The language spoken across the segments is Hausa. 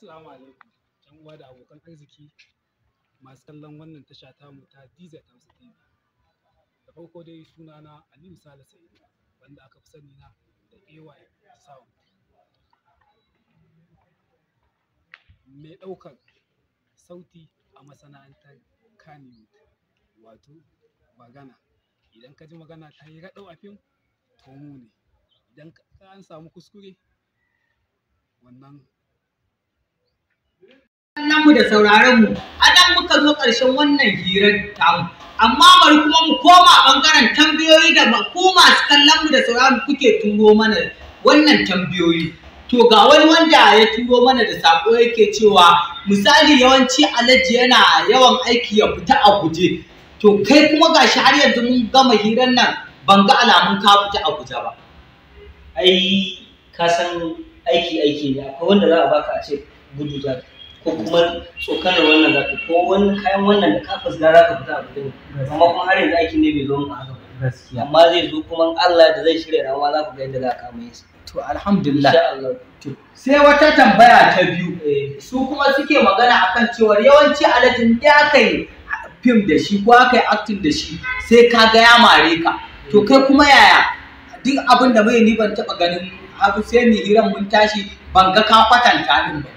Assalamu alaikum, ‘yan uwa da abokan arziki masu kallon wannan tasha tamu ta DZ Hausa TV. Da farko dai suna sunana Aliyu Sale Sa'idu wanda aka fi sani na da AY Sound. Mai ɗaukar sauti a masana'antar Kannywood wato magana. Idan ka ji magana ta yi raɗau a fim, to mu ne. Idan ka an samu kuskure, wannan ku da sauraron mu a nan muka zo ƙarshen wannan hirar tamu amma bari kuma mu koma ɓangaren tambayoyi da ku masu kallon mu da sauraron kuke turo mana wannan tambayoyi to ga wani wanda ya turo mana da sako yake cewa misali yawanci alhaji yana yawan aiki ya fita a guje to kai kuma ga shi har yanzu mun gama hirar nan ban ga alamun ka fita a guje ba ai ka san aiki aiki ne akwai wanda za a baka a ce gudu zaki ko kuma tsokanar wannan zafi ko wani kayan wannan da ka fuska za ka fita a gudun amma kuma har yanzu aikin ne bai zo mu a ba amma zai zo kuma Allah da zai shirya rawa za ku ga yadda za ka mai sa to alhamdulillah sai wata tambaya ta biyu eh. su kuma suke magana akan cewa yawanci alatin da aka yi fim da shi ko aka yi acting da shi sai ka ga ya mare ka to kai kuma yaya duk abin da mai ni ban taba ganin hafi sai ni hiran mun tashi ban ga ka kwatanta din ba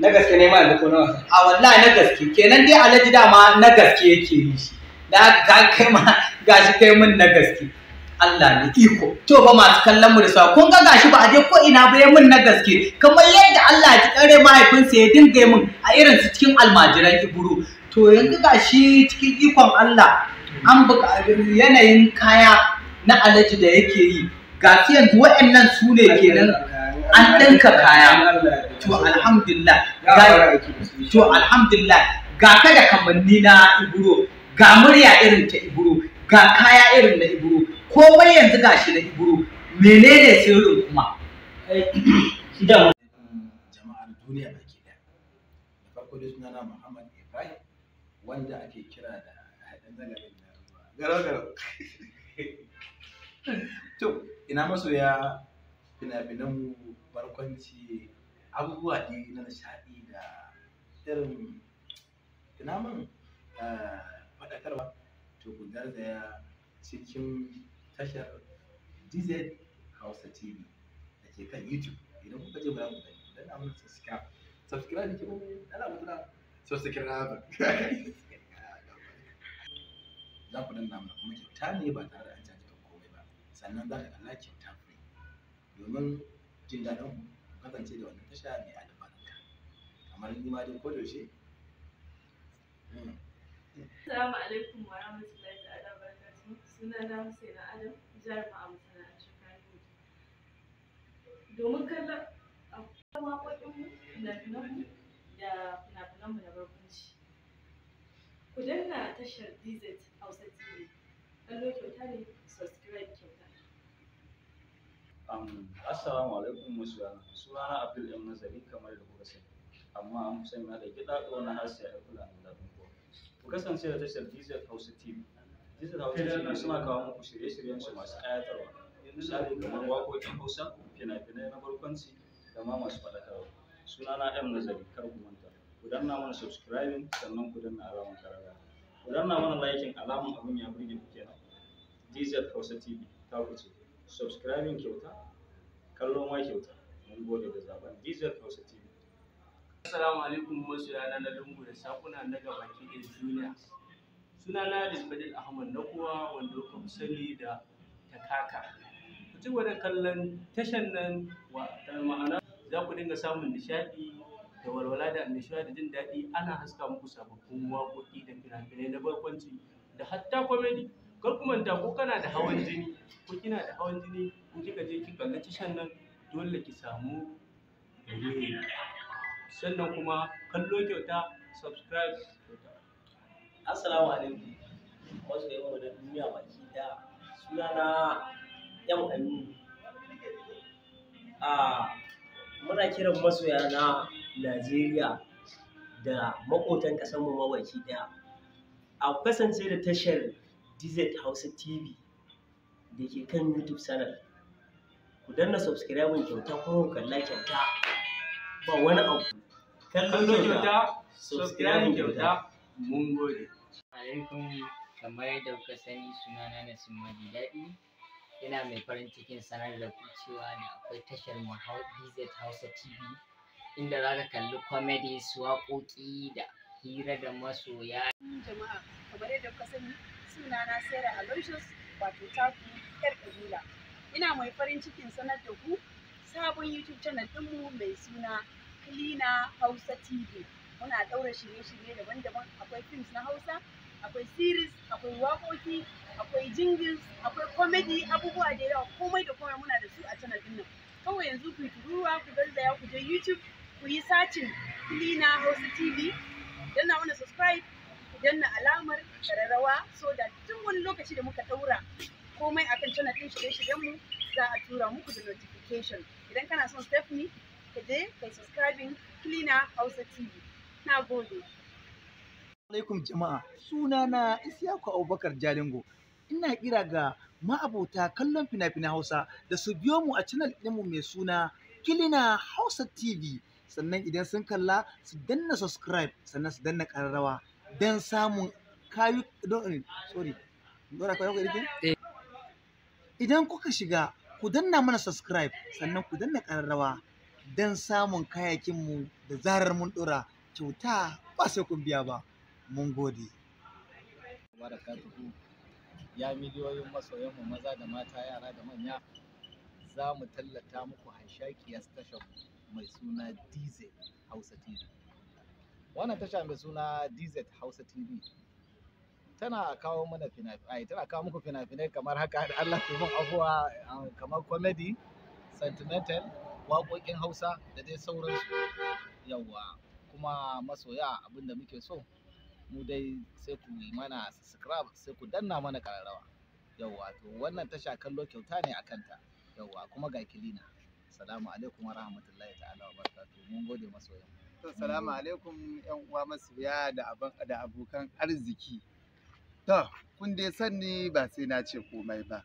na gaske ne ma yanzu ko na wasa a wallahi na gaske kenan dai alhaji dama na gaske yake yi shi da ka kai ma gashi kai mun na gaske Allah ne iko to ba masu kallon mu da sa kun ga gashi ba a je ko ina ba mun na gaske kamar yadda Allah ya kare mahaifinsa ya dinga mun a irin su cikin almajiran iburu to yanzu gashi cikin ikon Allah an buƙaci yanayin kaya na Alhaji da yake yi ga yanzu waɗannan su ne kenan an ɗinka kaya to alhamdulillah ga to alhamdulillah ga ka da kamanni na iburo ga murya irin ta iburo ga kaya irin na iburo komai yanzu ga shi na iburo menene sirrin kuma jama'ar duniya baki daya da farko da sunana muhammad ibrahim wanda ake kira da haɗin zagarin da garau garau to ina masoya fina mu barkwanci abubuwa ne na nishaɗi da irin tunamin ah, faɗakarwa to da ya cikin tashar dz hausa tv da ke kan youtube idan kuka je ba ku gani dan mun subscribe subscribe ke mu dan amma tana subscribe za ku danna mana kuma kyauta ne ba tare da an jaji komai ba sannan za ka kalla kyauta domin jin daɗin ku kasance da wannan tasha mai albarka kamar ni ma dai ko da yaushe hmm. Assalamu alaikum wa rahmatullahi ta'ala wa barakatuh sunana Husaina Adam jaruma a masana'antar Kano domin kallon akwai waƙoƙinmu na finanmu da fina na barkwanci ku danna tashar DZ Hausa TV kallo kyauta ne subscribe kyauta assalamu alaikum musuwa sunana abdul yan nazari kamar da kuka sani amma an sani da gida na wani a da kula da daɗin ko ku kasance da tashar dizel hausa tv dizel hausa tv suna kawo muku shirye-shiryen su masu ƙayatarwa misali kamar waƙoƙin hausa fina-finai na barkwanci da ma masu faɗakarwa sunana yan nazari kar ku manta ku danna mana subscribing sannan ku danna alamar karaga. ku danna mana liking alamun abin ya burge ku kenan dizel hausa tv ta wuce subscribing kyauta kallo ma kyauta mun gode da zaben diesel hausa tv assalamu alaikum masoya na lungu da sakuna na gabaki da duniya suna na lisbadil ahmad na kowa wanda kuka sani da takaka ku ci da kallon tashan nan wa ma'ana za ku dinga samun nishaɗi da walwala da annishuwa da jin daɗi ana haska muku sababbin waƙoƙi da fina-finai na barkwanci da hatta komedi kar ku manta ko kana da hawan jini ko kina da hawan jini ko kika je ki kalli tishan nan dole ki samu dalili sannan kuma kallo kyauta subscribe assalamu alaikum wasu da duniya baki da suna na yan aminu a muna kiran masoya na najeriya da makotan ƙasarmu mawaki daya a kasance da tashar DZ Hausa TV da ke kan YouTube channel. Ku danna subscribe kyauta kuma ku kalla kyauta ba wani abu. Kallon kyauta, subscribe kyauta, mun gode. Alaikum kamar yadda kuka sani sunana na Sumadi Daɗi. Ina mai farin cikin sanar da ku cewa da akwai tashar mu DZ Hausa TV inda za ka kalli comedies, waƙoƙi da hira da masoya. Jama'a, kamar yadda kuka sani sunana Sarah Aloysius wato taku yar kabila. Ina mai farin cikin sanar da ku sabon YouTube channel mu mai suna Kilina Hausa TV. Muna ɗaura shirye-shirye daban-daban akwai films na Hausa, akwai series, akwai waƙoƙi, akwai jingles, akwai comedy, abubuwa da yawa komai da komai muna da su a channel din nan. Kawai yanzu ku yi ruwa ku garzaya ku je YouTube ku yi sacin Kilina Hausa TV. na mana subscribe ku danna alamar kararrawa so da duk wani lokaci da muka daura komai akan channel din shirye-shiryenmu shiryen za a tura muku da notification idan kana son Stephanie ka je kai subscribing Cleaner Hausa TV na gode alaikum jama'a suna na Isiyaku Abubakar Jalingo ina kira ga ma'abota kallon fina-finan Hausa da su biyo mu a channel ɗinmu mai suna Kilina Hausa TV sannan idan sun kalla su danna subscribe sannan su danna ƙararrawa don samun kayu don sorry dora eh. idan kuka shiga ku danna mana subscribe sannan ku danna ƙararrawa don samun mu da zarar mun ɗora kyauta ba sai kun biya ba mun gode ya miliyoyin masoyanmu maza da mata yara da manya za mu tallata muku hanshakiyar tashar mai suna diesel hausa tv wannan tasha mai suna DZ Hausa TV tana kawo mana fina-finai tana kawo muku fina-finai kamar haka da Allah ke mun afuwa um, kamar comedy sentimental waƙoƙin Hausa da dai sauransu Yawwa kuma masoya abinda muke so mu dai sai ku yi mana subscribe sai ku danna mana kararrawa Yawwa to wannan tasha kallo kyauta ne a kanta Yawwa kuma ga kilina salamu alaikum wa rahmatullahi ta'ala wa barakatuhu mun gode masoya. To salamu alaikum yan uwa masoya da abokan arziki. To kun dai sanni ba sai na ce komai ba.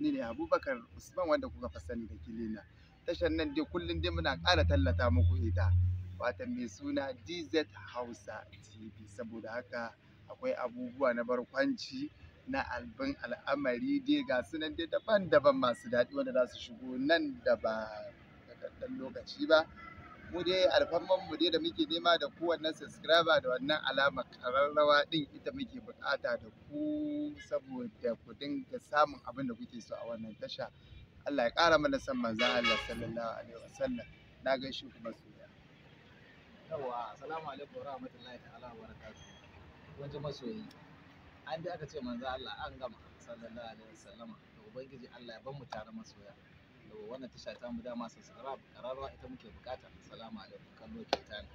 Ni ne Abubakar Usman wanda kuka fa sani da kilina. Tashar nan dai kullum dai muna ƙara tallata muku ita. Wata mai suna DZ Hausa TV saboda haka akwai abubuwa na barkwanci na albin al'amari dai ga sunan dai daban-daban masu daɗi wanda za su shigo nan da ba da lokaci ba. mu dai alfarman mu dai da muke nema da wannan subscriber da wannan alamar kararrawa din ita muke bukata da ku saboda ku dinga samun abin da kuke so a wannan tasha Allah ya ƙara mana san manzo Allah sallallahu alaihi wasallam na gaishe ku masoya yawa assalamu alaikum wa rahmatullahi ta'ala wa barakatuh wajen masoyi an da aka ce manzo Allah an gama sallallahu alaihi wasallama to ubangiji Allah ya ban mu tare masoya wannan tasha ta mu dama subscribe kararwa ita muke buƙata salamu alaikum kallo ke tana